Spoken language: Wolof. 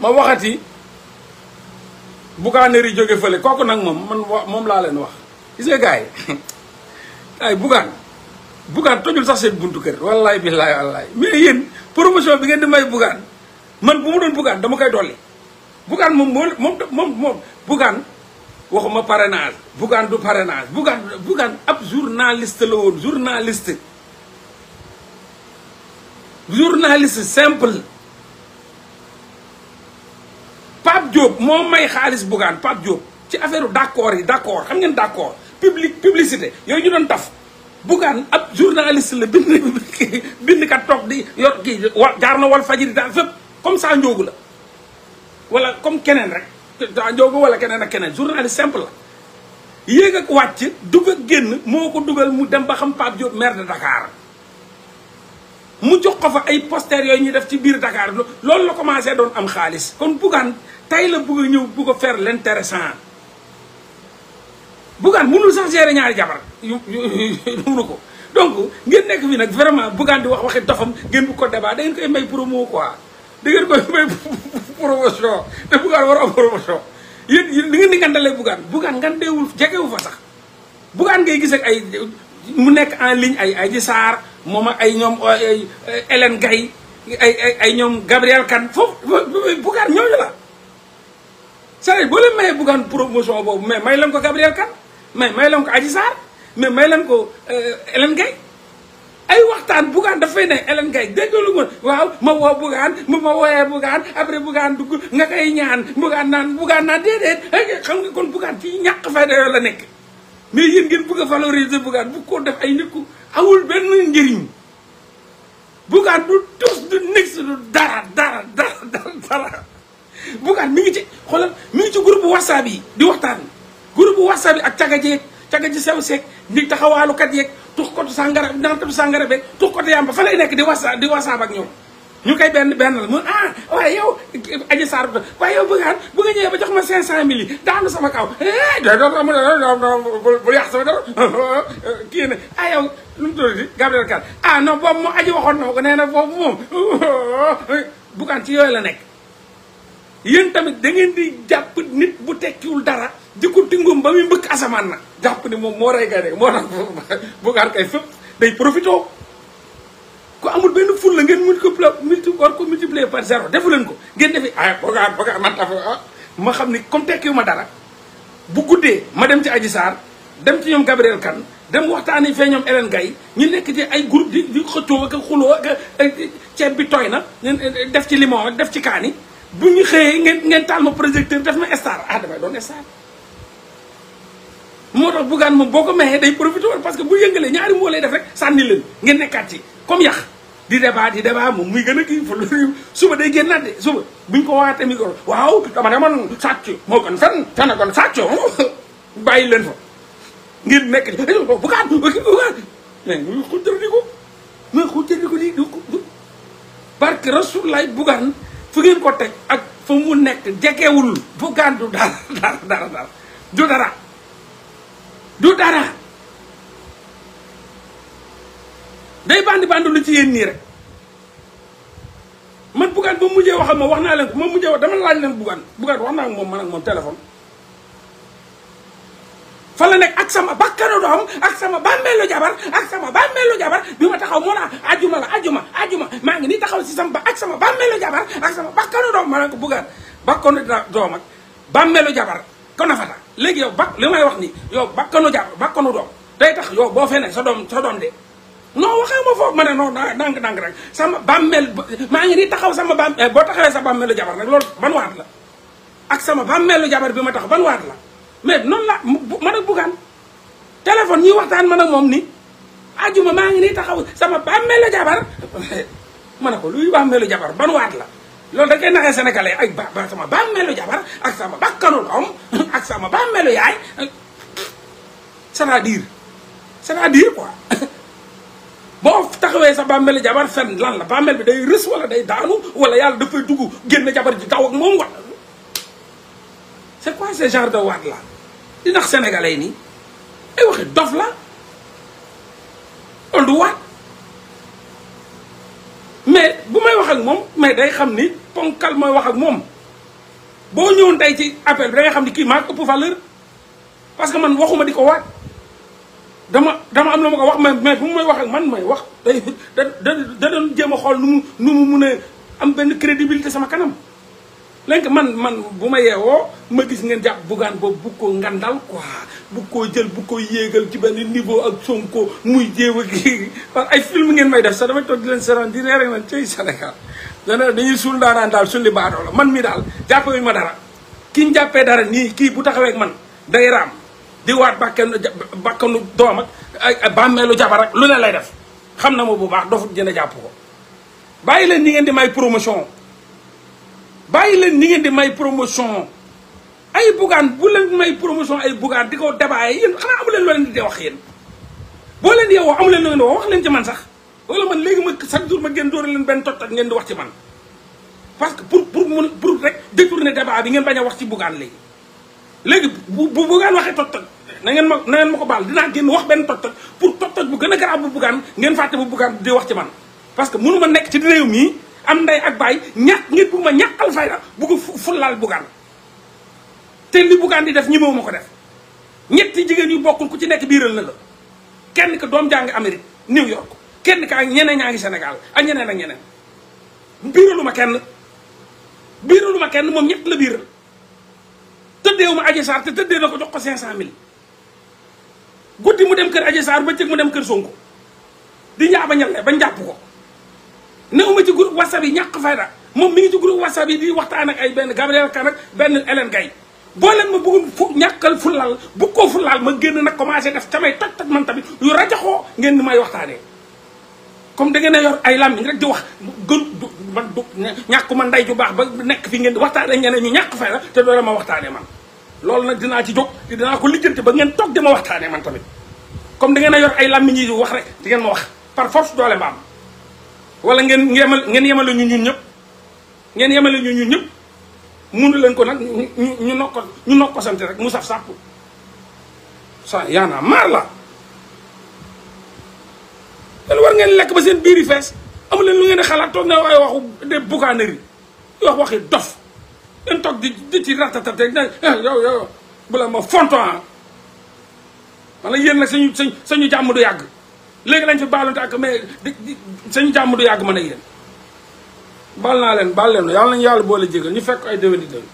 ma waxati Bougane yi jóge fële kooku nag moom man moom laa leen wax gis nga gars yi ay Bougane Bougane tojul sax seen buntu kër wallaay billaay wallaay mais yéen promotion bi ngeen di may Bougane man bu mu doon Bougane dama koy dolli Bougane moom moo moom moom moom Bougane waxuma parrainage Bougane du parrainage Bougane Bougane ab journaliste la woon journaliste journaliste simple joob moo may xaalis Bougane Pape Diop ci affaire d'accord yi d'accord xam ngeen d'accord public publicité yooyu ñu doon taf Bougane ab journaliste la bind bindkat toog di yor kii jaar na wal fajiri daal fépp comme ça njoogu la wala comme keneen rek saa njoogu wala keneen ak keneen journaliste simple la yéeg ak wàcc dugg ak génn moo ko dugal mu dem ba xam Pape Diop maire de Dakar mu jox ko fa ay posters yooyu ñuy def ci biir Dakar loolu la commencé doon am xaalis kon Bougane tey la bëgg a ñëw bëgg a faire l'intéressant Bougane mënul sax gérer ñaari jabar yu mënu ko donc ngeen nekk fi nag vraiment Bougane di wax waxi dofam ngeen bu ko débat da ngeen koy may promo quoi da ngeen koy may promotion te Bougane war am promotion yéen yéen li ngeen di ngandalee Bougane Bougane ngandeewul jegewu fa sax Bougane ngay gise ay mu nekk en ligne ay ay di saar moom ay ñoom Hélène Gaye ay ay ay ñoom Gabriel Kane foofu Bougane ñooñu la c'est-à-dire boo promotion boobu mais may leen ko Gabriel Kane mais may leen ko Adji Sarr mais may leen ko euh, Hélène Gaye ay waxtaan Bougane dafay ne Hélène Gaye déggalu ma waaw ma woo Bougane ma ma wooyee Bougane après Bougane dugg nga koy ñaan Bougane naan Bougane naan déedéet kon Bougane fii ñàkk fayda yooyu la nekk mais yéen ngeen bëgg a valoriser Bougane bu ko def ay nit ku amul benn njëriñ Bougane du tus du nix du dara dara dara dara Bougane mi ngi ci xoolal mi ngi ci groupe WhatsApp yi di waxtaan groupe WhatsApp yi ak cagajeeg cagaji sew seeg ni taxawaalukat yeeg tux kotu sàngara naantatu sàngara beeg tux kotu yàmba fa lay nekk di wasa di WhatsApp ak ñoom ñu koy benn benn la mun ah waaye yow aji saar waaye a bëggaan bu nga ñëwee ba jox ma cinq cent mille yi daanu sama kaw eh, bul yàq sama dara kii a ah yow lu mu tudd di Gabriel Kane ah, waxoon na ma ko nee na boobu moom bugaan ci yooyu la nekk yéen tamit da ngeen di jàpp nit bu tekkiwul dara di ko tingum ba muy mbëkk asamaan na jàpp ni moom moo rey gaynde moo tax bugaan kay fépp day profito ku amul benn ful la ngeen mun ko multi war ko multiplier par zéro defu leen ko ngeen defi ah Bocar Bocar man dafa ah, ma xam ni comme tekkiwu ma dara bu guddee ma dem ci Adji Sarr dem ci ñoom Gabriel kan dem waxtaani fee ñoom Hélène Gaye ñu nekk ci ay groupe di di xëccoo ak xuloo ak ceeb bi tooy na def ci limon def ci kaani bu ñu xëyee ngeen ngeen taal ma projecteur def ma star ah damay doon star moo tax Bougane moom boo ko mayee day profité parce que bu yëngalee ñaari moo lay def rek sànni leen ngeen nekkaat comme yax di débat di débat moom muy gën a kii suba day génnaat de suba buñ ko waatee micro waaw dama ne man sàcc moo gën fen fen a gën sàcc bàyyi leen fa ngir nekk bukaat eh, bukaat mais muy xujjal di ko mais xujjal ko lii fu ngeen ak fa mu nekk jegewul bugaan du dara dara dara du dara du dara day bandi bandi lu ci yéen nii rek man Bougane ba mujjee wax ma wax naa leen ko mujjee wax dama laaj leen Bougane Bougane wax naa ak moom man ak moom téléphone. fa la nekk ak sama bakkanu doom ak sama bàmmeelu jabar ak sama bàmmeelu jabar bi ma taxaw moo la ajuma la ajuma ajuma maa ngi nii taxaw si sama ba ak sama bàmmeelu jabar ak sama bakkanu doom ma ne ko Bougane bakkanu doom ak bàmmeelu jabar ko nafata léegi yow bak li may wax nii yow bakkanu jabar bakkanu doom day tax yow boo fee sa doom sa doom de. non waxee ma foofu ma ne non dànk dànk rek sama bàmmeel maa ngi nii taxaw sama bàmmeel eh, boo taxawee sa bàmmeelu jabar rek loolu ban waat la ak sama bàmmeelu jabar bi ma tax ban waat la mais noonu la man ak bugaan téléphone ñuy waxtaan man na moom ni ajuma maa ngi nii taxaw sama bàmmeelu jabar ma ne ko luy bàmmeelu jabar ban waat la loolu da koy naxee sénégalais ay ba sama bàmmeelu jabar ak sama bakkanu doom ak sama bàmmeelu yaay c'est-à-dire c'est-à-dire quoi boo taxawee sa bàmmeel jabar fen lan la bàmmeel bi day rës wala day daanu wala yàlla dafay dugg génn jabar ji daw ak moom wala c'est quoi ce genre de waat la di ndax sénégalais nii ay waxi dof la loolu du waat mais bu may wax ak moom mais day xam ni ponkal mooy wax ak moom boo ñëwoon ndey ci appel bi da nga xam ni kii maa ëpp valeur parce que man waxuma di ko waat dama dama am lu ma ko wax mais mais bu may wax ak man may wax day da da doon jéem a xool nu mu nu mu mun a am benn crédibilité sama kanam. léegi man man bu ma yeewoo ma gis ngeen jàpp bugaan boobu bu ko ngandal quoi bu koo jël bu ko yéegal ci benn niveau ak Sonko muy jéew ak ay film ngeen may def sax damay toog di leen seetaan di reere naan cay Sénégal dana dañuy suul daanaan daal suul li baadoo la man mi daal jàppee ma dara ki ñu jàppee dara nii kii bu taxawee ak man day di waat bàkkanu bàkkanu doom ak bàmmeelu jabar ak lu ne lay def xam na ma bu baax dofut jënd jàpp ko bàyyi leen ñi ngeen di may promotion bàyyi leen ñi ngeen di may promotion ay bugaan bu leen may promotion ay bugaan di ko débaayee yéen xanaa amu leen loo leen di wax yéen boo leen di yeewoo amu leen loo di wax wax leen ci man sax wala man léegi ma chaque jour ma ngeen dóor leen benn tot ak ngeen di wax ci man parce que pour pour mun pour rek détourner débat bi ngeen bañ a wax ci bugaan léegi léegi bu bu bugaan waxee tot na ngeen ma na ma ko baal dinaa génn wax benn toj-toj pour toj-toj bu gën a garaaw bu buggaan ngeen fàtte bu buggaan di wax ci man parce que mënu ma nekk ci réew mii am ndey ak baay ñàkk ngir bu ma ñàkkal fayda bugg fullaal buggaan te li buggaan di def ñi moo ma ko def ñetti jigéen yu bokkul ku ci nekk biiral na la kenn ka doom jàng Amérique New York kenn kaa ak ñeneen ñaa ngi senegal ak ñeneen ak ñeneen biiralu ma kenn biiralu ma kenn moom ñett la biiral tëddeewu ma Adji Sarr te tëddee na ko jox ko cinq mille guddi mu dem kër saar ba bëccëg mu dem kër Sonko di ñaaba ñalle ba njàpp ko newuma ci groupe whatsapp yi ñàkk fayda moom mi ngi ci groupe whatsapp yi di waxtaan ak ay benn Gabriel Kan ak benn Hélène Gaye boo leen ma bëggul fu ñàkkal fulal bu ko ma génn nag commencé def camay tak tak man tamit yu rajaxoo ngeen ni may waxtaanee comme da a yor ay làmmiñ rek di wax gën du man du ñàkku ma ndey ju baax ba nekk fi ngeen di waxtaanee ñeneen ñu ñàkk fayda te doo ma waxtaanee man loolu nag dinaa ci jóg te dinaa ko lijjanti ba ngeen toog di ma waxtaanee man tamit comme dangeen ngeen a yor ay làmmiñ yi wax rek di ngeen ma wax par force doole ma am wala ngeen yemal ngeen yemale ñu ñun ñëpp ngeen yemale ñu ñëpp mënu leen ko nag ñu ñu ñu nokko sant rek mu saf sàpp ça y'en a marre la len war ngeen lekk ba seen biir yi fees amu leen lu ngeen di xalaat toog na waaye waxu de boucanerie wax waxi dof dañ toog di di ci ratatate eh, yow yow bu la ma fonton ah man la yéen nag sañu sañ sañu jàmm du yàgg léegi lañ fi baalante ak mais sañu jàmm du yàgg man ak yéen baal naa leen baal leen yàlla nañu yàlla boole jégal ñu fekk ay déwén di déwén